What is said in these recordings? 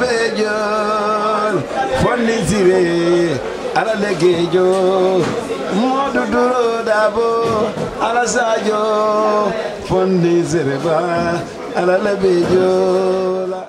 beejool fonni siwe ala legeejo moodu duro daabo ala saajo fonni sere ba ala lebeejool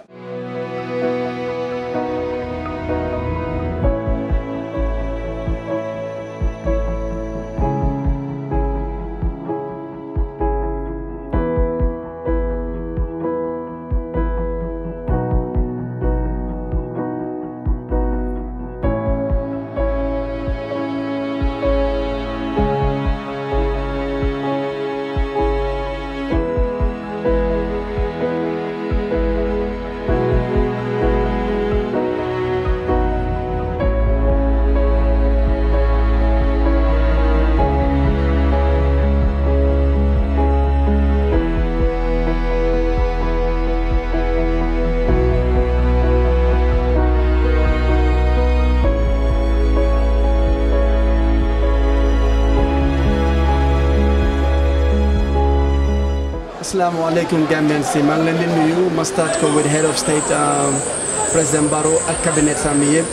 Assalamu alaikum Gambian si maa ngi leen di nuyu ma start ko with head of state um, président Barrow ak cabinet am yëpp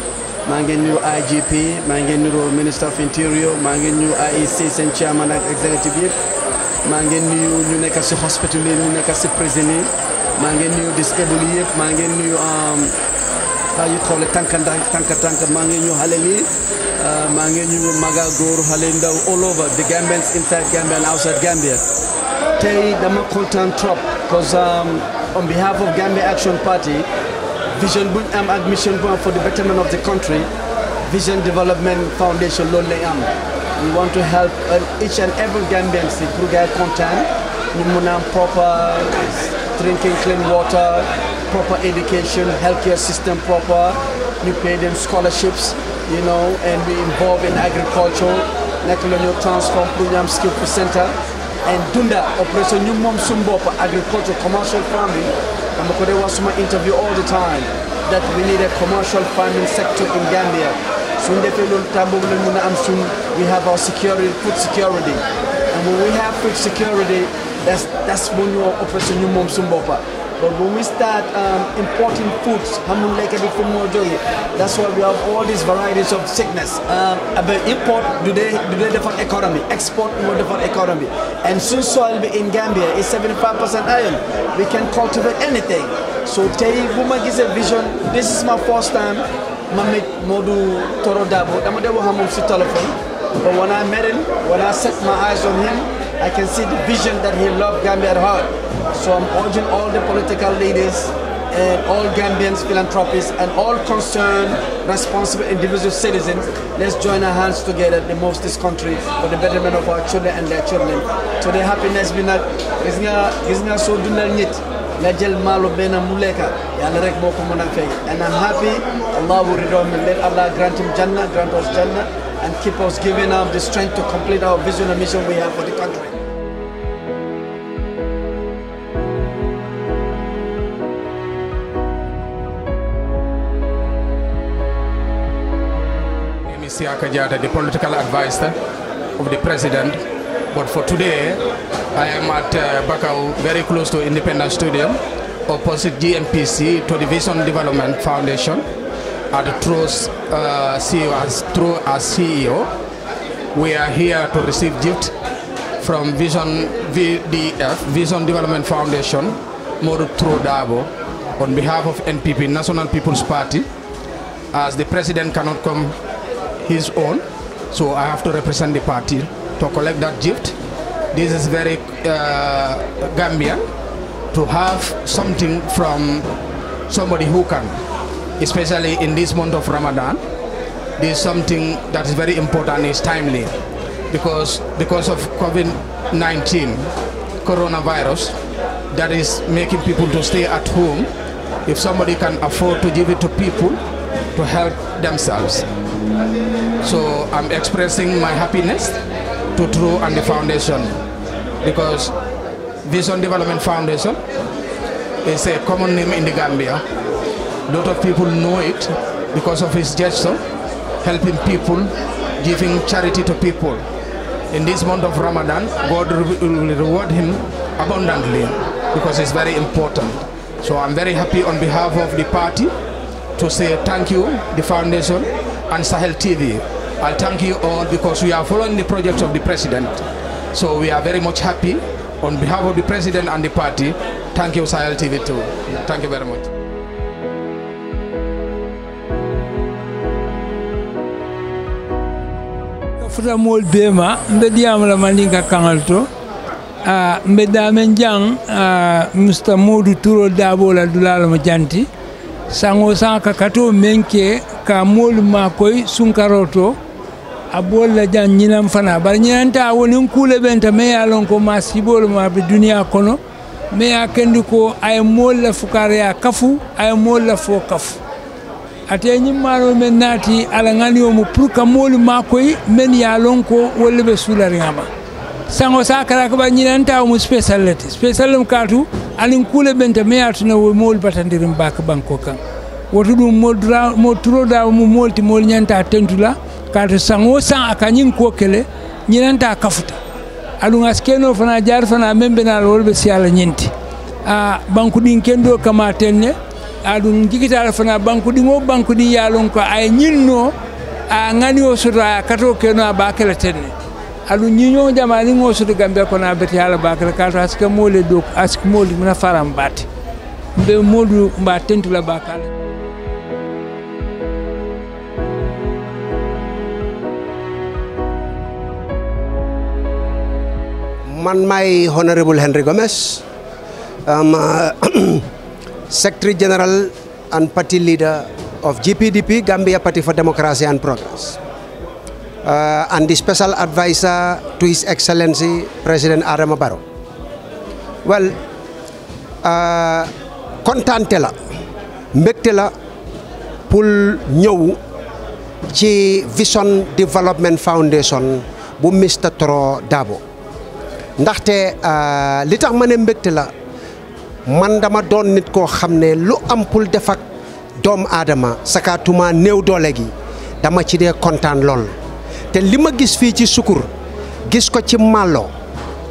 maa ngi nuyu IGP maa ngi nuyu minister of interior maa ngeen nuyu IEC seen chairman ak executive yëpp maa ngeen nuyu ñu nekk si hospital yi ñu nekk si prison yi maa ngi nuyu disabled yëpp maa ngi nuyu um, how you call it tànk tànk tànk maa ngi nuyu xale yi maa ngi Halenda all over the Gambians inside Gambia and outside Gambia tey dama kontaan trop because um, on behalf of Gambia Action Party vision buñ am um, admission for the betterment of the country Vision Development Foundation loolu am we want to help um, each and every Gambian see pour gay kontaan proper drinking clean water proper education healthcare system proper You pay them scholarships you know, and we involved in agriculture, towns from Program Skill Center, and Dunda Operation New Mom Sumbo for agriculture, commercial farming. And because was my interview all the time that we need a commercial farming sector in Gambia. We have our security, food security. And when we have food security, that's, that's when you're Operation New Mom Sumbopa. But when we start um, importing foods, that's why we have all these varieties of sickness. Um, uh, but import, do they do they different economy? Export, more different economy. And since soil in Gambia is 75% iron. We can cultivate anything. So Tay Woman gives a vision. This is my first time. I met Modu Toro Dabo. Damodewo Hamum si telephone. But when I met him, when I set my eyes on him, I can see the vision that he loved Gambia at heart. So I'm urging all the political leaders and all Gambians, philanthropists, and all concerned, responsible individual citizens, let's join our hands together to move this country for the betterment of our children and their children. Today, happiness we not isn't gis nga not dundal nit nga jël maalo benn mu lekka rek moo And I'm happy, Allah will redeem me. Let Allah grant him Jannah, grant us Jannah, and keep us giving up the strength to complete our vision and mission we have for the country. Jata, the political advisor of the president. But for today, I am at uh, Bakau, very close to Independence Stadium, opposite GMPC to the Vision Development Foundation, at Tro's uh, CEO, as, as CEO. We are here to receive gift from Vision VDF, Vision Development Foundation, Moru Dabo, on behalf of NPP, National People's Party, as the president cannot come his own. So I have to represent the party to collect that gift. This is very uh, Gambian to have something from somebody who can, especially in this month of Ramadan. This is something that is very important, is timely because because of COVID-19, coronavirus, that is making people to stay at home. If somebody can afford to give it to people to help themselves. So I'm expressing my happiness to True and the foundation because Vision Development Foundation is a common name in the Gambia. A lot of people know it because of his gesture, helping people, giving charity to people. In this month of Ramadan, God will reward him abundantly because it's very important. So I'm very happy on behalf of the party to say thank you, the foundation, and Sahel TV. I'll thank you all because we are following the project of the president. So we are very much happy on behalf of the president and the party. Thank you Sahel TV too. Thank you very much. futa mol bema mbe diam la kaŋal kangalto. uh, ah, mbe daamen jaŋ uh, ah, mista Modu turo Dabola la janti saŋo saŋ ka ka moolu ma koy sunkaroo to a boolu la jaŋ ñinaŋ fana bari ñinaŋ ta wo niŋ benta meŋ ye a loŋ ko maa siboolu ma be duniya kono meŋ ye a kendi ko a ye moolu la fukaariyaa kafu a ye moolu la fo kafu ate ñiŋ maanoo meŋ naati ala ŋaniyo mu pour ka moolu maa koyi meŋ ye a loŋ ko wolu le be suulariŋa ma saŋo saa kara ka bari ñinaŋ wo mu spécial le ti spécial mu kaatu aniŋ kuu le benta meŋ ye a tuna wo moolu batandiriŋ baaka banko kaŋ woto ɗum motturoɗa mo molti mol ñanta tentula kato sango san a kañin ko kele ñinanta kafuta aɗum askeno fana jaari fana membenal wolɓe si allah ñinti a banque ɗin kendo kama tenne aɗum jigitala fana banque ɗin o banque ɗin yalon ko ay ñinno a gani o soto a kato keno a bakele tenne aɗum ñiño jamani o soto gambia kono a bete haala bakele kato haske mole dow haske mole mina faram bate mbe modu mba tentula bakala man may honorable Henry Gomez um, uh, secretary general and party leader of GPDP Gambia Party for Democracy and Progress uh, and the special advisor to His Excellency President Adama baro well uh, contente la mbégte la pour ñew ci Vision Development Foundation bu Mr Tro Dabo ndaxte euh, li tax ma ne mbégte la man dama doon nit koo xam ne lu am pour def ak doomu aadama sakaatuma néew doole gi dama ci dee kontaan lool te li ma gis fii ci Sukur gis ko ci Malo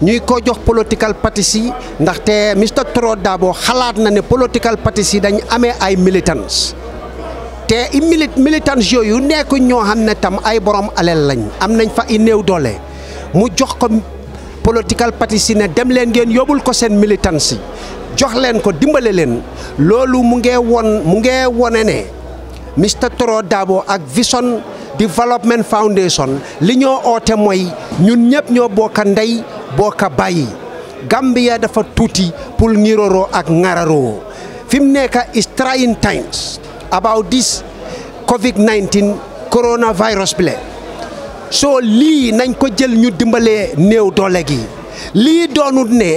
ñuy ko jox political parties yi ndaxte Mr Turo Dabo xalaat na ne political patisi yi dañ amee ay militants te i militants yooyu nekk ñoo xam ne tam ay borom alal lañ am nañ fa i néew doole mu jox ko. political parties yi ne dem leen ngeen yóbbul ko seen militants yi jox leen ko dimbale leen loolu mu ngee won mu ngee wone ne Mr Turo Darboe ak Vision Development Foundation li ñoo oote mooy ñun ñëpp ñoo bokka ndey bokka bàyyi Gambia dafa tuuti pour ngiroroo ak ngararoo fi mu nekk is trying times about this covid 19 coronavirus bi soo lii nañ ko jël ñu dimbalee néew doole gi lii doonut ne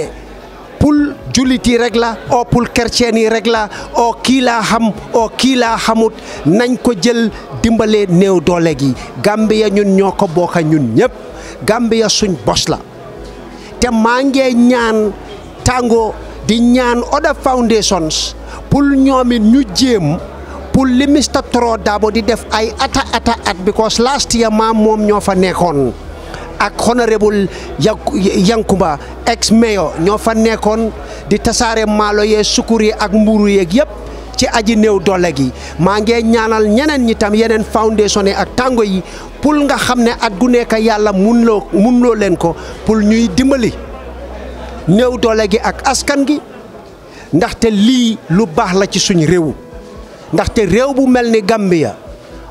pour jullit yi rek la oo pour chrétien yi rek la oo kii xam oo kii xamut nañ ko jël dimbalee néew doole gi Gambia ñun ñoo ko bokk ñun ñëpp Gambia suñ bos la te maa ngee ñaan tàngo di ñaan other foundations pour ñoom ñu jéem pulli Mr Turo Darboe di def ay ata ata at because last year maam moom ñoo fa nekkoon ak honorable Yankuba ex mayor ñoo fa nekkoon di tasaare maalo yee sukkur yi ak mburu yeeg yëpp ci aji néew doole gi maa ngi ñaanal ñeneen ñitam tam yeneen foundation yi ak tàngo yi pour nga xam ne ak gu nekk yàlla mun loo leen ko pour ñuy dimbali néew doole gi ak askan gi ndaxte lii lu baax la ci suñ réew ndaxte réew bu mel ni Gambia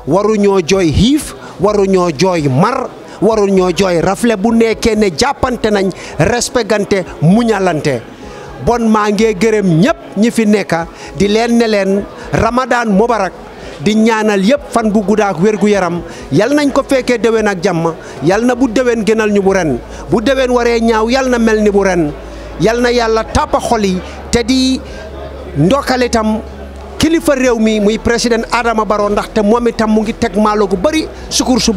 waruñoo jooy xiif waruñoo jooy mar waruñoo jooy rafle bu nekkee ne jàppante nañ respegante muñalante bon maa ngee gërëm ñépp ñi fi nekka di leen ne leen Ramadan Mubarak di ñaanal yëpp fan bu gudda ak yaram yal nañ ko fekkee déwén ak jàmm yal na bu déwén gënal ñu bu ren bu déwén waree ñaaw yal na mel ni bu ren yal na yàlla tàppa xol te di ndokkalitam kilifa rew mi muy president Adama ndax te moom itam mu ngi tek malo gu bari sukur su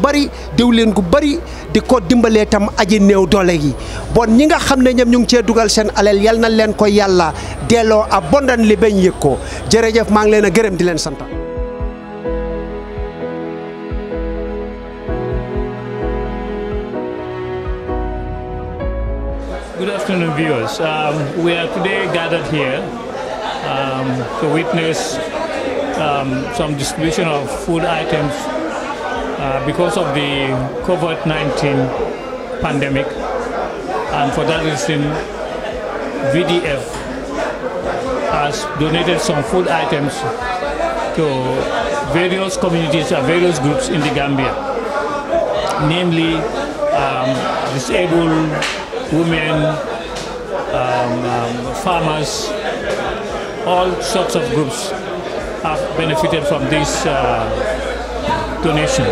dew len gu bari di ko dimbalé tam aji new dole gi bon ñi nga xam ñam ñu ngi ci dugal sen alel yal na len ko delo a bondan li bañ yeko ko jërëjëf ngi leena gërem di len santa Good afternoon, viewers. Um, we are today gathered here um, to witness um, some distribution of food items uh, because of the COVID-19 pandemic. And for that reason, VDF has donated some food items to various communities and various groups in the Gambia, namely um, disabled women, um, um, farmers, all sorts of groups have benefited from this uh, donation.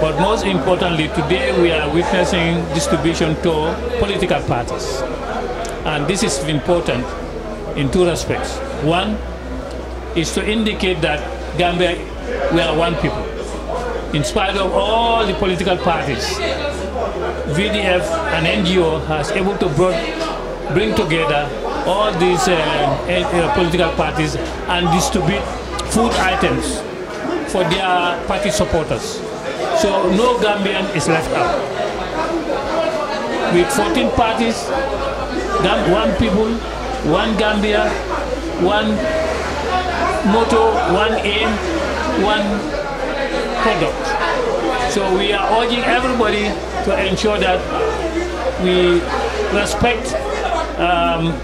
But most importantly, today we are witnessing distribution to political parties. And this is important in two respects. One is to indicate that Gambia, we are one people. In spite of all the political parties, VDF and NGO has able to bring together all these uh, uh, political parties and distribute food items for their party supporters. So no Gambian is left out. With 14 parties, one people, one Gambia, one motto, one aim, one product. So we are urging everybody to ensure that we respect um,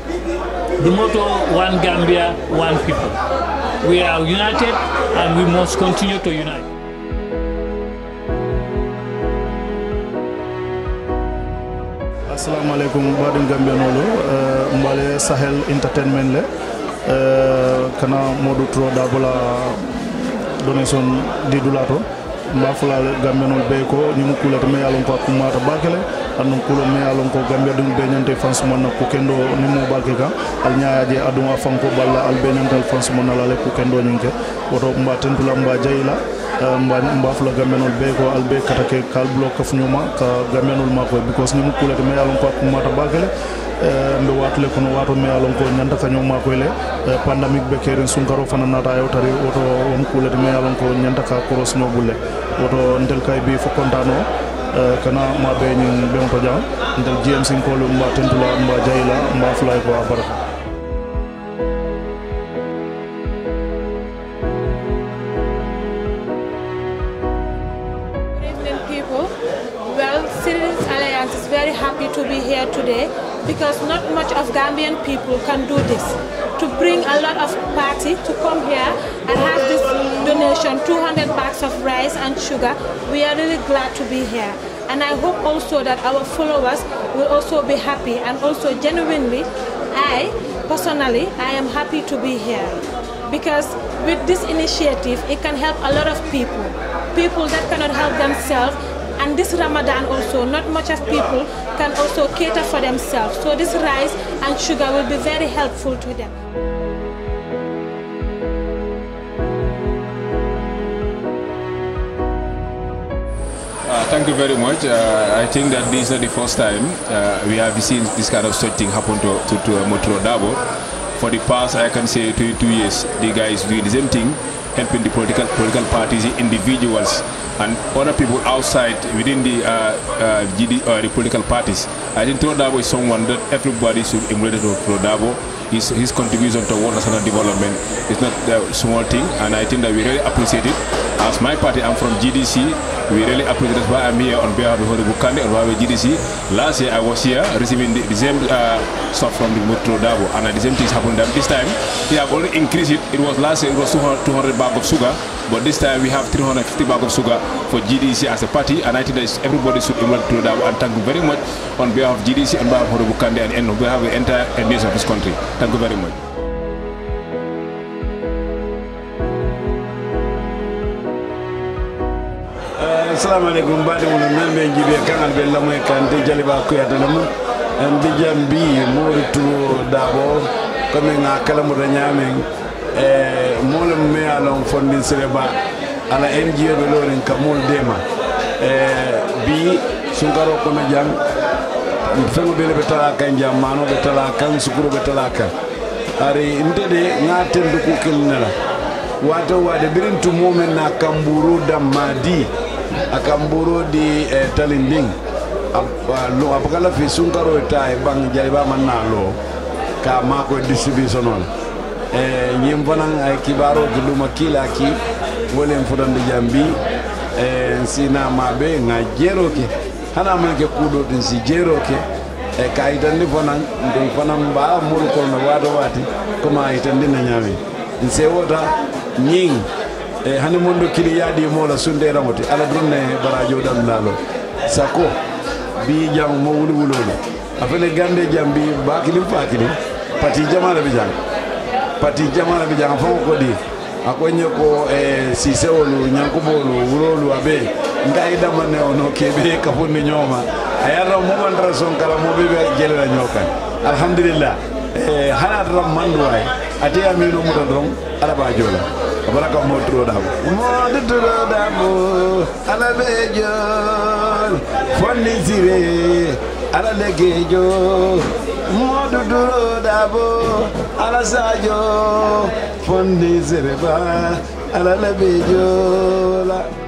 the motto one Gambia, one people. We are united and we must continue to unite. assalamu alaikum badum gambia nolo uh, eh, mbale sahel entertainment le uh, kana modu tro dabula donation di dulato mbafula gambia non be ko ni mu kulata me yalon ko ko mata bakele andum kulo me alon ko gambia dum be nyante france mon ko kendo ni mo balke ka al nyaaje adum fanko balla al be nyante france mon ala le ko kendo nyonke woto mba tentula mba jayila jayla eh, mbafula non be ko be kata ke kal blok ka funyuma ka non ma ko because ni mukule me alon ko kuma ta bagale eh, mbe watle kono wato alon ko nyanda ka nyuma ko le eh, pandemic be keren sunkaro fana nata yo tari woto on kulete me alon ko nyanda ka cross no bulle woto ndel kay bi fo kontano Euh, kana maɓeñin ɓen ko jam ndel jeyem sinkolu mba tentula mba jayla mba fulay ko a baraka People, well, Citizens Alliance is very happy to be here today because not much of Gambian people can do this. To bring a lot of party to come here and have this donation, 200 bags of rice and sugar, we are really glad to be here. And I hope also that our followers will also be happy and also genuinely, I personally, I am happy to be here because with this initiative, it can help a lot of people, people that cannot help themselves and this Ramadan also, not much of people can also cater for themselves. So this rice and sugar will be very helpful to them. Uh, thank you very much. Uh, I think that this is not the first time uh, we have seen this kind of such thing happen to, to, to Motro Dabo. For the past, I can say, two, two years, the guy is doing the same thing helping the political political parties, individuals, and other people outside within the uh, uh, GD, uh, the political parties. I think Trodabo is someone that everybody should emulate Trodabo. His, his contribution toward national development is not a small thing, and I think that we really appreciate it. As my party, I'm from GDC, we really appreciate why I'm here on behalf of hore bukande on wawe GDC. Last year I was here receiving the, same uh, stuff from the Mutro Dabo and the same things happened this time. We have already increased it. It was last year it was 200, 200 bag of sugar but this time we have 350 bag of sugar for GDC as a party and I think that everybody should emulate to Davo and thank you very much on behalf of GDC and behalf of Honorable and, we have the entire NDS of this country. Thank you very much. assalamu aleykum mbaɗimuno nan ɓe jiiɓe kangal ɓe lamoye kante jaliba kuyatana mum en mbijam mbi mori tuwo daabo komin a kalamuta ñamen e mole me alon fondi sere ba ala en jiyoɓe lorin ka mol dema e bi sunkaro kono jam fengo ɓele ɓe tala kan jam mano ɓe tala kan sukuro ɓe tala kan ari ndede ngaten duku kelnela wato wade birin tumomen na kamburu damma di akamburudi eh, talimbing eh, apakala fi sunkaro ta e bang jaliba man na lo ka ma ko distribution on e eh, nyim fanan ay eh, kibaro guduma kila ki mfudan fodande jambi e sina mabe nga jero ke hana man ke kudo din si jero ke e ka itandi fanan dum fanan ba mul ko no wado wati kuma itandi na nyawi nse wota nying e hani mon kili yaadi moola sunde te ala ɗum baraio barajo ɗamnaɗo sako mbi jam mo wuli wulole afene gande jam mbi bakilim fakilim pati jamala ɓe jang pati jamala ɓe jang fon ko ɗi akoñe ko e eh, sisewolu ñankuɓolu nga aɓe ngaydamane ono keɓe kafunde ñooma a yarra momantara son kala moɓe ɓe jelera ñookan alhamdulillah e eh, hana ataram manduwaye ate amino muta doron alaɓa joola abaraka mo turo dabo mo di turo dabo ala be jol fonni sire ala le gejo mo di turo dabo ala sajo fonni sire ba ala le be jol